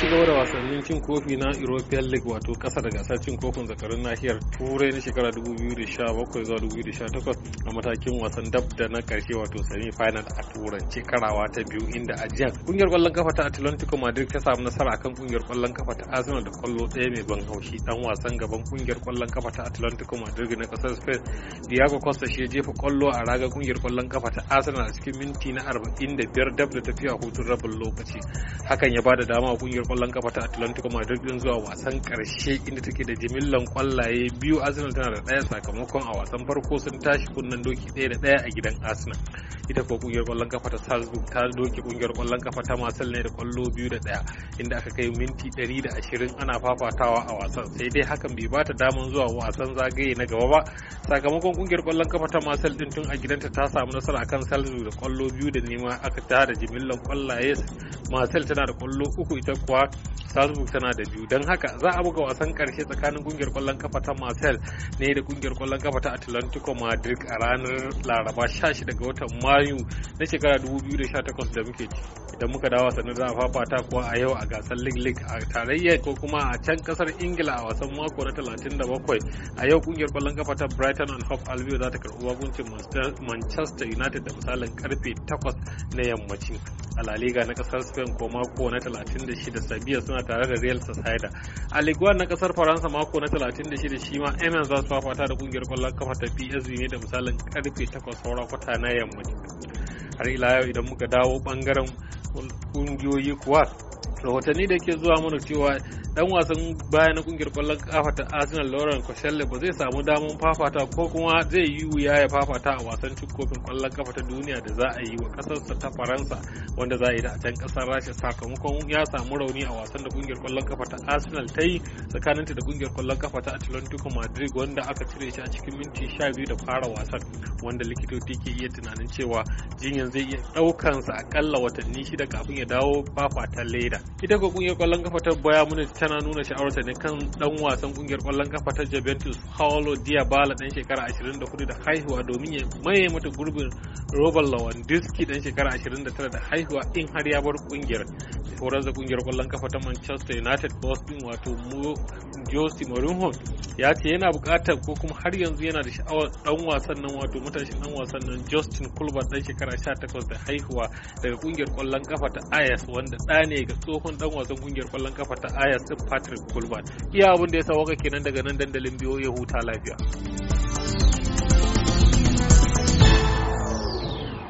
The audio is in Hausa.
ci gaba da wasannin cin kofi na european league wato kasa da gasar cin kofin zakarun nahiyar turai na shekara 2017 zuwa 2018 a matakin wasan dab da na karshe wato semi final a turance karawa ta biyu inda a jiya kungiyar kwallon kafa ta atlantico madrid ta samu nasara akan kungiyar kwallon kafa ta arsenal da kwallo ɗaya mai ban haushi dan wasan gaban kungiyar kwallon kafa ta atlantico madrid na kasar spain diego costa shi jefa kwallo a raga kungiyar kwallon kafa ta arsenal a cikin minti na 45 dab da tafiya hutun rabin lokaci hakan ya bada dama kungiyar kwallon kafa ta Atlantico Madrid din zuwa wasan karshe inda take da jimillan kwallaye biyu Arsenal tana da daya sakamakon a wasan farko sun tashi kunnen doki ɗaya da ɗaya a gidan Arsenal. ita ko kungiyar kwallon kafa ta Salzburg ta doke kungiyar kwallon kafa ta masal ne da kwallo biyu da daya inda aka kai minti 120 ana fafatawa a wasan sai dai hakan bai bata daman zuwa wasan zagaye na gaba ba sakamakon kungiyar kwallon kafa ta masal din tun a gidanta ta samu nasara akan Salzburg da kwallo biyu da nema aka tada jimillan kwallaye Marcel tana da kwallo uku ita kuwa Salzburg tana da biyu don haka za a buga wasan karshe tsakanin kungiyar kwallon kafa ta Marcel ne da kungiyar kwallon kafa ta Atlantico Madrid a ranar Laraba 16 ga watan Mayu na shekara 2018 da muke ci. Idan muka dawo wasannin za a fafata kuwa a yau a gasar League League a tarayyar ko kuma a can kasar Ingila a wasan mako na 37 a yau kungiyar kwallon kafa ta Brighton and Hove Albion za ta karɓi waguncin Manchester United da misalin karfe 8 na yammacin. a La Liga na kasar Spain ko mako na 36 Sabiyar suna tare da Real Sociedad. A Ligue na kasar Faransa mako na 36 shi ma Amiens za su fafata da kungiyar kwallon kafa ta PSV ne da misalin karfe 8 saura kwata na yamma. Har ila yau idan muka dawo bangaren kungiyoyi kuwa rahotanni da ke zuwa mana cewa dan wasan baya na kungiyar kwallon kafa ta arsenal lauren Koscielny ba zai samu damar fafata ko kuma zai yi wuya ya fafata a wasan cin kofin kwallon kafa ta duniya da za a yi wa kasarsa ta faransa wanda za a yi da a can kasar rasha sakamakon ya samu rauni a wasan da kungiyar kwallon kafa ta arsenal ta yi tsakaninta da kungiyar kwallon kafa ta atlantico madrid wanda aka cire shi a cikin minti 12 da fara wasan wanda likitoci ke iya tunanin cewa jinyan zai iya daukansa akalla watanni shida kafin ya dawo fafata leda United. Ita ko kungiyar kwallon kafa ta Bayern Munich tana nuna sha'awarta ne kan dan wasan kungiyar kwallon kafa ta Juventus Paolo Dybala dan shekara 24 da haihuwa domin ya maye mata gurbin Robert Lewandowski dan shekara 29 da haihuwa in har ya bar kungiyar. Horar da kungiyar kwallon kafa ta Manchester United Boston din wato Jose Mourinho ya ce yana bukatar ko kuma har yanzu yana da sha'awar dan wasan nan wato matashin dan wasan nan Justin Culbert dan shekara 18 da haihuwa daga kungiyar kwallon kafa ta Ayas wanda da ne ga tsohon dan wasan kungiyar kwallon kafa ta Ayas Patrick Culbert iya abin da ya sa waka kenan daga nan dandalin biyo ya huta lafiya